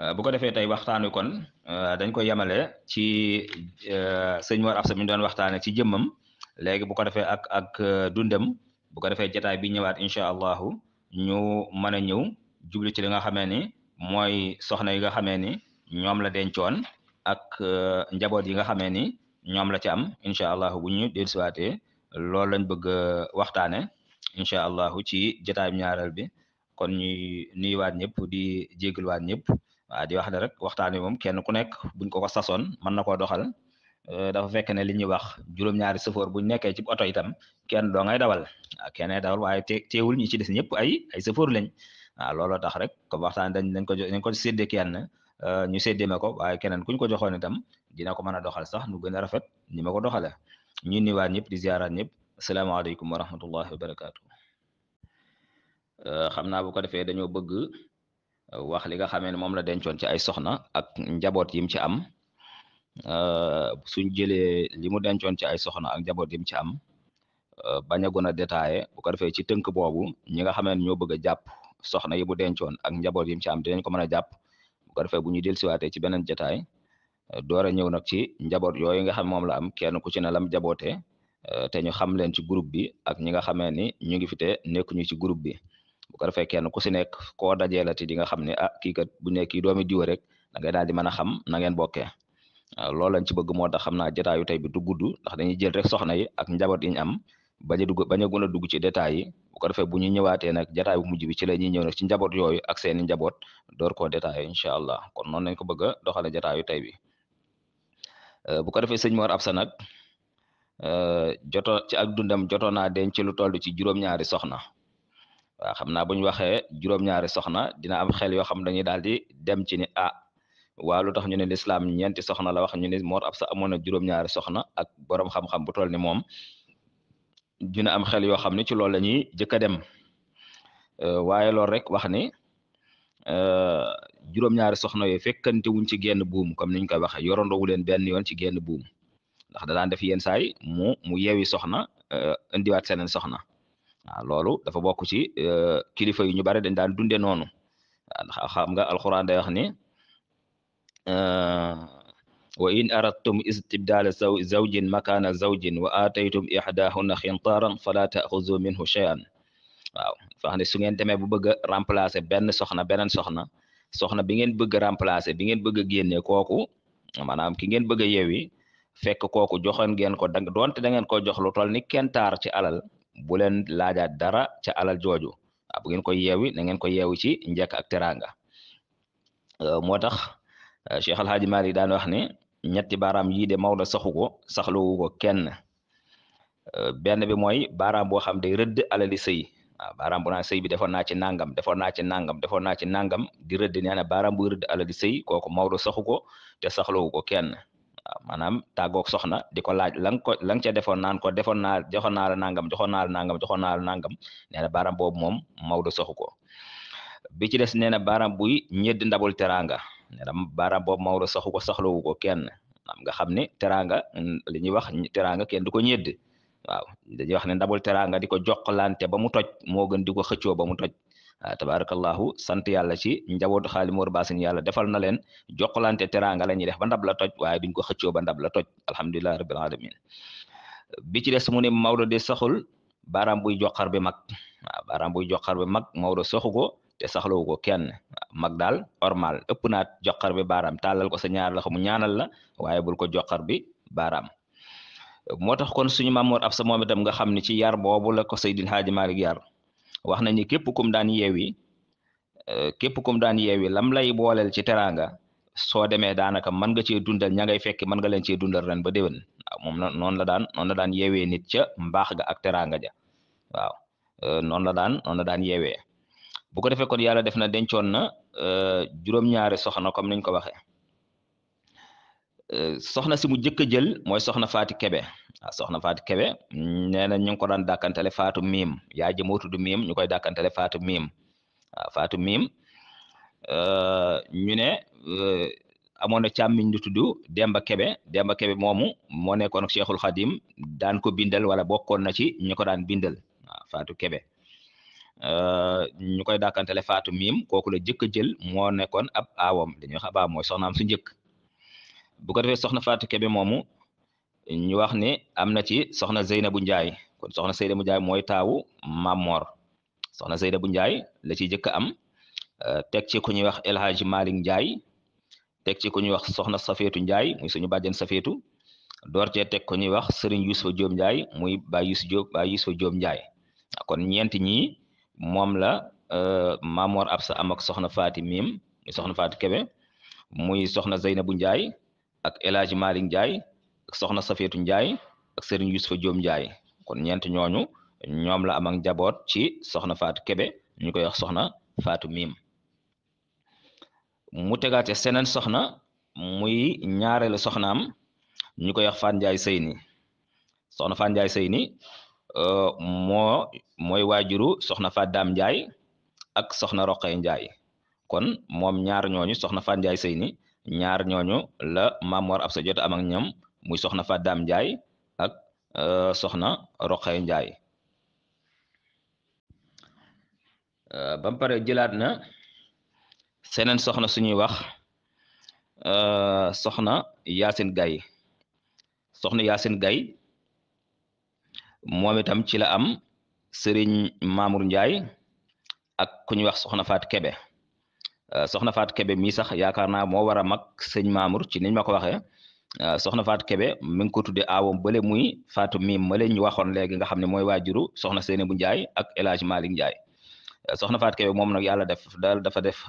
Euh, bu ko defee tey waxtaan wi kon euh, dañ koy yemale ci euh, sëñ Mor Absa mi doon waxtaane ci jëmmam léegi bu ko defee ak ak dundam bu ko defee jataay bi ñëwaat incha allahu ñu mën a ñëw jublu ci li nga xamee ni mooy soxna yi nga xamee ni ñoom la dencoon ak njaboot yi nga xamee ni ñoom la ci am incha allahu bu ñu dellusiwaatee loolu lañ bëgg waxtaane incha allahu ci jataay bi ñaareel bi kon ñuy nuyuwaat ñëpp di jégaluwaat ñëpp waa di wax ne rek waxtaan wi moom kenn ku nekk buñ ko ko sasoon mën doxal euh, dafa fekk ne li ñuy wax juróom-ñaari sëfoor buñ nekkee ci oto itam kenn doo ngay dawal waaw kenn dawal waaye teewul ñi ci des ñëpp ay ay sëfoor lañ waaw looloo tax rek comme waxtaan dañ dañ ko dañ ko séddee kenn euh, ñu séddee ma ko waaye keneen kuñ ko joxoon itam dina ko mën a doxal sax nu gën a rafet ni ma ko doxale ñu niwaat ñëpp di ziaraat ñëpp asalaamaaleykum wa rahmatullahi wa barakaatu euh, xam naa bu ko wax li nga xamee ne moom la dencoon ci ay soxna ak njaboot yim ci am euh, suñ jëlee li mu dencoon ci ay soxna ak njaboot yim ci am euh, bañ a gën a détaillé bu ko defee ci tënk boobu ñi nga xamee ne ñoo bëgg a jàpp soxna yi mu dencoon ak njaboot yim ci am dinañ ko mën a jàpp bu ko defee bu ñu dellusiwaatee ci beneen jotaay euh, door a ñëw nag ci njaboot yooyu nga xam moom la am kenn ku ci ne lam jabootee te ñu xam leen ci groupe bi ak ñi nga xamee ni ñu ngi fi te nekkuñu ci groupe bi bu ko defee kenn ku si nekk koo dajeelati di nga xam ne a ah, kii kat bu ne kii doomi diwa rek da ngay daal di mën a xam na ngeen bokkee loolu lañ ci bëgg moo tax xam naa jotaayu tey bi du gudd ndax dañuy jël rek soxna yi ak njaboot yi ñu am bañ dugg bañ a dugg ci détails yi bu ko defee bu ñu ñëwaatee nag jotaay bu mujj bi ci la ñuy ñëw nag ci njaboot yooyu ak seeni njaboot door koo détaillé incha allah kon noonu lañ ko bëgg a doxale tey bi euh, bu ko defee sëñ Mor Absa nag euh, joto ci ak dundam jotoon naa denc lu toll ci juróom-ñaari soxna waaw xam naa bu ñu waxee juróom soxna dina am xel yoo xam dañuy daal di dem ci ni ah waa lu tax ñu ne lislaam ñeenti soxna la wax ñu ne Mor Absa amoon na juróom soxna ak borom xam-xam bu toll ni moom dina am xel yoo xam ne ci loolu la ñuy a dem euh, waaye loolu rek wax ni euh, juróom-ñaari soxna yooyu fekkante wuñ ci genn buum comme niñ koy waxee yorandoowu leen benn yoon ci genn buum ndax da daan def yenn saay mu mu yeewi soxna euh, indiwaat seneen soxna. waaw loolu dafa bokk ci euh, kilifa yu ñu bari dañ daan dunde noonu xam nga alxuraan day wax ni euh, wa in aradtum istibdala zawjin makana zawjin wa ataytum ixdahunna xintaaran fala taaxuzu minhu cheyan waaw dafa wax ne su ngeen demee bu bëgg a benn soxna beneen soxna soxna bi ngeen bëgg a remplacer bi ngeen bëgg a génne kooku maanaam ki ngeen bëgg a yewi fekk kooku joxoon ngeen ko da doonte da ngeen ko jox lu toll ni kentaar ci alal bu leen laajaat dara ca alal jooju bu ngeen ko yeewi na ngeen ko yeewi ci njekk ak teraanga euh, moo tax euh, Cheikh Al Hadj daan wax ne ñetti baaraam yii de Maodo saxu ko saxluwu ko kenn euh, benn bi mooy baaraam boo xam day rëdd alali sëy waaw baaraam bu naan sëy bi defoon naa ci nangam defoon naa ci nangam defoon naa ci nangam di rëdd nee na baaraam buy rëdd alali sëy kooku Maodo saxu ko te saxluwu ko kenn. maanaam tàggoog soxna di ko laaj la nga ko la nga ca defoon naan ko defoon naa joxoon naa la nangam joxoon naa nangam joxoon naa la nee na baaraam boobu moom Maodo soxu ko bi ci des nee na baaraam buy ñeddi ndabul teraanga nee na baaraam boobu Maodo soxu ko soxlawu ko kenn am nga xam ne teraanga li ñuy wax teraanga kenn du ko ñedd waaw dañuy wax ne ndabul teraanga di ko jokkalante ba mu toj moo gën di ko xëccoo ba mu toj Ah, tabarakallahu sant yàlla ci njabootu xaali Mor Basin yàlla defal na leen jokkalante teraanga la ñuy def ba ndab la toj waaye duñ ko xëccoo ba ndab la toj alhamdulillahi rabbil alamin bi ci des mu ne Maodo de saxul baaraam buy joxar bi mag waaw ah, buy joxar bi mag Maodo saxu ko te saxlawu ko kenn ah, mag daal normal ëpp naat joxar bi baraam tàllal ko sa ñaar la mu ñaanal la waaye bul ko joxar bi baaraam moo tax kon suñu Maam Mor Absa moom itam nga xam ne ci yar boobu la ko wax nañ ni képp kum daan yeewi euh, képp kum daan yeewi lam lay booleel ci teraanga soo demee daanaka mën nga cee dundal ña ngay fekk mën nga leen cee dundal ren ba déwén moom noonu la daan noonu la daan yeewee nit ca mbaax ga ak teraanga ja waaw euh, la daan noonu daan yeewee bu ko defee kon yàlla def na dencoon na euh, juróom-ñaari soxna comme niñ ko waxee. Euh, soxna si mu jëkk a jël mooy soxna faati kebe waaw soxna faati kebe nee na ñu ngi ko daan dàkkantele faatu miim yaa ji moo tudd miim ñu koy dàkkantele faatu miim miim euh, ñu ne euh, amoon na càmmiñ lu tudd demba kebe demba kebe moomu moo nekkoon ak xadim daan ko bindal wala bokkoon na ci ñu ko daan bindal waaw faatu kebe ñu koy dàkkantele faatu miim kooku la jëkk a jël moo nekkoon ab aawam dañuy wax su njëkk bu ko defee soxna Fatou Kebe moomu ñu wax ne am na ci soxna Zeynabu Njaay kon soxna Zeynabu Njaay mooy taawu Mamor soxna bu Njaay la ciy jëkk am euh, teg ci ku ñuy wax El Hadj Malick Njaay teg ci ku ñuy wax soxna Safeetu Njaay muy suñu bàjjen Safeetu door cee teg ku ñuy wax Serigne Youssou Diop Njaay muy Baay Youssou Diop Baay Youssou Diop Njaay kon ñeenti ñii moom la euh, Mamor Absa am ak soxna Faati Mim soxna Faati Kebe muy soxna bu Njaay ak El Hadj Malick ak Soxna Safeetu Ndiaye ak Serigne Youssoufa Diom Ndiaye kon ñeent ñooñu ñoom la am ak njaboot ci Soxna Faatu Kebe ñu koy wax Soxna Faatu Miim mu tegaate seneen soxna muy ñaareelu soxnaam ñu koy wax Faat Ndiaye Seyni Soxna Faat Ndiaye Seyni euh, moo mooy waajuru Soxna Faat Daam Ndiaye ak Soxna Roqee Ndiaye kon moom ñaar ñooñu Soxna Faat Ndiaye Seyni ñaar ñooñu la Maam Mor Absa jot am ak ñoom muy soxna Fadam Ndiaye ak euh, soxna Roqay Ndiaye euh, ba mu pare jëlaat na seneen soxna suñuy wax euh, soxna Yaasin Gay soxna Yaasin Gay moom itam ci la am sëriñ Mamour Ndiaye ak ku ñuy wax soxna Faat Kebe Euh, soxna Faat Kebe mii sax yaakaar naa moo war a mag sëñ Mamour ci niñ ma ko waxee euh, soxna Faat Kebe mi ngi ko tuddee aawam bële muy Faatu miim ma leen ñu waxoon léegi nga xam ne mooy waajuru soxna Seyni bu Njaay ak El Hadj euh, soxna Faat Kebe moom nag yàlla def daal dafa def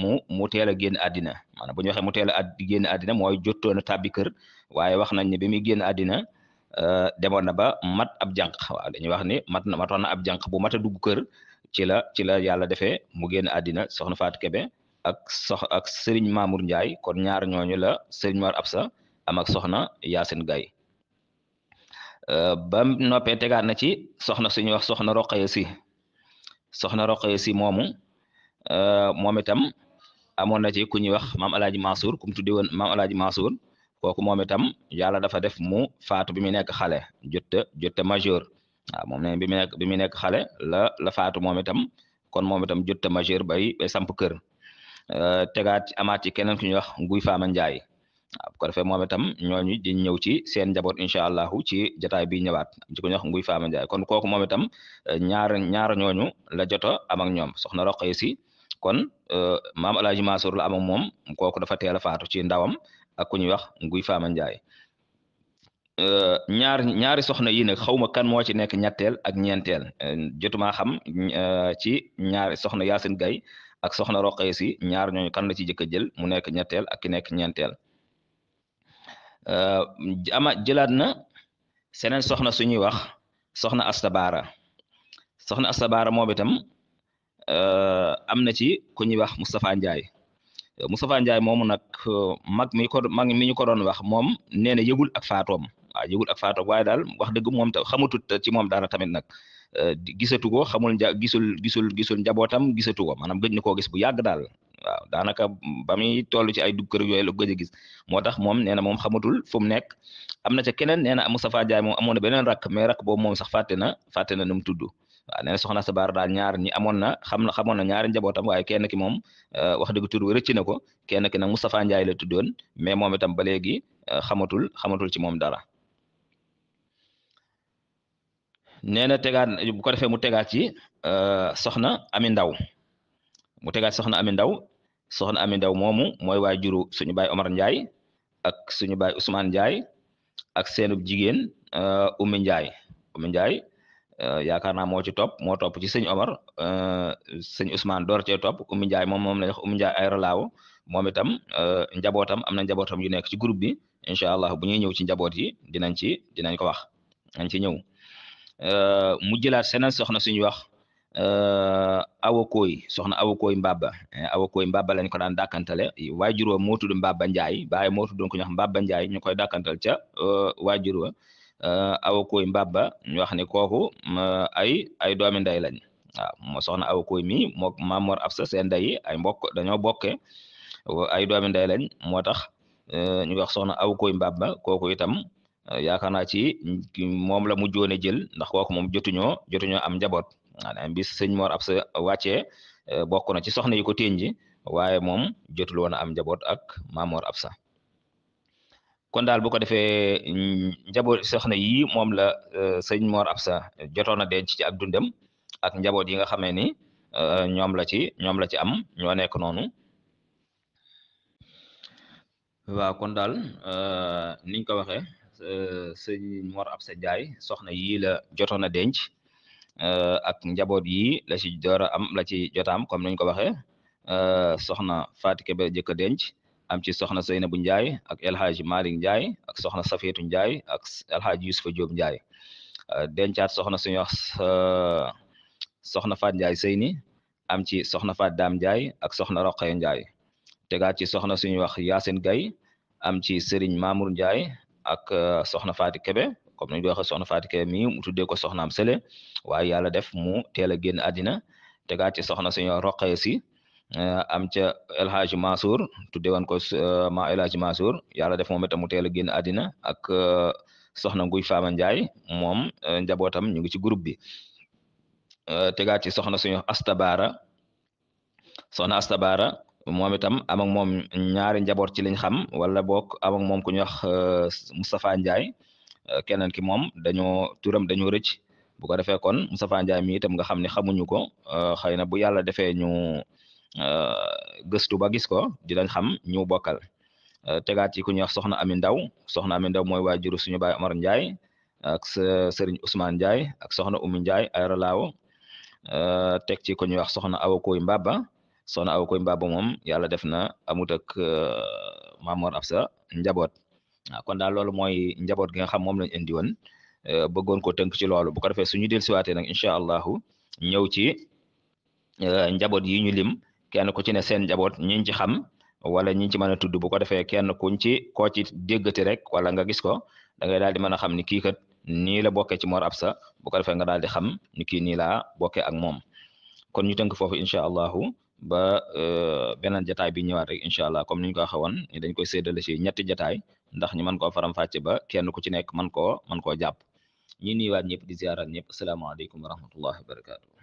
mu mu teel a génn àddina maanaam bu ñu waxee mu teel a génn àddina mooy jottoon a tàbbi kër waaye wax nañ ne bi muy génn àddina demoon na ba mat ab jànq waaw dañuy wax ni mat na matoon na ab jànq bu mat a dugg kër ci la ci la yàlla defee mu génn àddina soxna Faat Kebe ak sox ak Serigne Mamour Ndiaye kon ñaar ñooñu la Serigne Mar Absa am ak soxna Yacine Gaye euh, ba noppee tegaat na ci soxna suñuy wax soxna Roqaya si soxna Roqaya si moomu euh, moom itam amoon na ci ku ñuy wax maam El Hadj Mansour ku mu woon maam El Hadj kooku moom itam yàlla dafa def mu faatu bi mu nekk xale jotte jotte majeur waaw na ne bi mu nekk bi mu nekk xale la la faatu moom itam kon moom itam jotte majeur bay bay samp kër Euh, tegaat amaat ci keneen ku ñuy wax Nguy Faama Njaay bu ko defee moom itam ñooñu di ñëw ci seen njaboot incha allahu ci jotaay bi ñëwaat ci ko ñuy wax Nguy Njaay kon kooku moom itam euh, ñaar ñaar ñooñu la joto am ak ñoom soxna Roqee si kon euh, maam Alaaji Mansour la am ak moom kooku dafa teel a faatu ci ndawam ak ku ñuy wax Nguy Faama Njaay ñaar ñaari soxna yi nag xawma kan moo ci nekk ñetteel ak ñeenteel jotumaa xam ci ñaari soxna Yaasin Gay soxna roqee si ñaar ñooñu kan la ci jëkk a jël mu nekk ñetteel ak ki nekk ñeenteel euh, ama jëlaat na seneen soxna suñuy wax soxna astabaara soxna astabaara moom itam euh, am na ci ku ñuy wax Moustapha Ndiaye Moustapha Ndiaye moomu nag mag mi ko mag mi ñu ko doon wax moom nee na yëgul ak faatoom waaw yëgul ak faatoom waaye daal wax dëgg moom tam xamutut ci moom dara tamit nag Euh, gisatu ko xamul nja gisul gisul gisul njabootam gisatu ko maanaam gëj na koo gis bu yàgg daal waaw daanaka ba muy toll ci ay dugg kër yooyu la gëj a gis moo tax moom nee na moom xamatul fu mu nekk am na ca keneen nee na Moustapha Diaye moom na beneen rakk mais rakk boobu moom sax fàtte na fàtte nu mu tudd waaw soxna sa baar daal ñaar ñi amoon na xam na xamoon ñaari njabootam waaye kenn ki moom euh, wax dëgg tur rëcc na ko kenn ki nag Moustapha Ndiaye la tuddoon mais moom itam ba léegi euh, xamatul xamatul ci moom dara nee na tegaat bu ko defee mu tegaat ci euh, soxna ami ndaw mu tegaat soxna ami ndaw soxna ami ndaw moomu mooy juru suñu baay Omar Ndiaye ak suñu baay Ousmane Ndiaye ak seenub jigéen euh, Oumy Ndiaye Oumy Ndiaye euh, yaakaar naa moo ci topp moo topp ci sëñ Omar sëñ Ousmane door cee topp Oumy Ndiaye moom moom la wax Oumy Ndiaye ay relaaw moom itam njabootam am na njabootam yu nekk ci groupe bi incha allah bu ñuy ñëw ci njaboot yi dinañ ci dinañ ko wax dinañ ci ñëw. Euh, mu jëlaat seneen soxna suñu wax euh, awakooy soxna awakooy mbaba eh, awakooy mbaba lañ ko daan dàkkantale waajur wa moo tudd mbaba njaay baaye moo tudd ko ñu wax njaay ñu koy dàkkantal ca euh, waajur wa awakooy mbaba ñu wax ne kooku ay ay doomi ndey lañ waaw moo soxna awakooy mi moo Mamor Absa seen ndey ay mbokk dañoo bokke ay doomi ndey lañ moo tax ñu wax soxna awakooy mbaba kooku itam Euh, yaakaar naa ci moom la mujjoone jël ndax kooku moom jotuñoo jotuñoo am njaboot maanaam bis sëñ moor ab sa wàccee euh, bokk na ci soxna yi ko ténji waaye moom jotul woon a am njaboot ak Mamor Absa kon daal bu ko defee mm, njaboot soxna yi moom la euh, sëñ Mor Absa jotoon a denc ci ak dundam ak njaboot yi nga xamee ni ñoom la ci ñoom la ci am ñoo nekk noonu waaw kon daal niñ ko waxee Euh, sëñ Mor Absa Ndiaye soxna yii la jotoon a denc euh, ak njaboot yi la ci door a am la ci jotaam comme nañ ko waxee euh, soxna Fatou Kebe a denc am ci soxna Seynabou Ndiaye ak El Hadj Malick Ndiaye ak soxna Safietou Ndiaye ak El Hadj Youssoufa Diop Ndiaye dencaat soxna suñu wax soxna Fat Ndiaye Seyni am ci soxna Fat Dame Ndiaye ak soxna Roqaye Ndiaye tegaat ci soxna suñu wax Yacine Gaye am ci Serigne Mamour Ndiaye ak euh, soxna Faati Kebe comme ni ñu waxee soxna Faati Kebe mi mu tuddee ko soxnaam sele waaye yàlla def mu teel a génn àddina tegaat ci soxna suñu roqee si euh, am ca El Hadj Mansour tuddee woon ko euh, ma El Hadj Mansour yàlla def moom itam mu teel a génn àddina ak soxna guy Faama Ndiaye moom njabootam ñu ngi ci groupe bi tegaat ci soxna suñu Astabaara soxna Astabaara moom itam am ak moom ñaari njaboot ci liñ xam wala boog am ak moom ku ñuy wax euh, Moustapha Ndiaye euh, keneen ki moom dañoo turam dañoo rëcc bu ko defee kon Moustapha mi itam nga xam ne xamuñu ko euh, xëy na bu yàlla defee ñu gëstu ba gis ko dinañ xam ñu bokkal tegaat ci ku ñuy wax Soxna Ami Ndaw Soxna Ami Ndaw mooy waajuru suñu baay Omar Ndiaye ak Serigne Ousmane Ndiaye ak Soxna Oumy Ndiaye ay relaaw teg ñuy wax Soxna Awa Mbaba soxna aw koy mbaaba moom yàlla def na amut ak euh, Mamor Absa njaboot kon daal loolu mooy njaboot gi xam moom lañ indi woon euh, bëggoon ko tënk ci loolu bu ko defee suñu dellusiwaatee nag incha allahu ñëw ci euh, njaboot yi ñu lim kenn ku ci ne seen njaboot ñiñ ci xam wala ñi ci mën a tudd bu ko defee kenn kuñ ci koo ci rek wala nga gis ko da ngay daal di mën a xam ni kii kat nii la bokkee ci Mor Absa bu ko nga daal di xam ni kii nii laa bokkee ak moom kon ñu tënk foofu incha allahu ba e, beneen jataay bi ñëwaat rek incha allah comme ni ñu ko waxee woon dañ koy séddale ci ñetti jataay ndax ñu mën koo faram-fàcce ba kenn ku ci nekk man koo man koo jàpp ñi nuyuwaat ñëpp di ziaraat ñëpp asalaamaaleykum wa rahmatullahi wa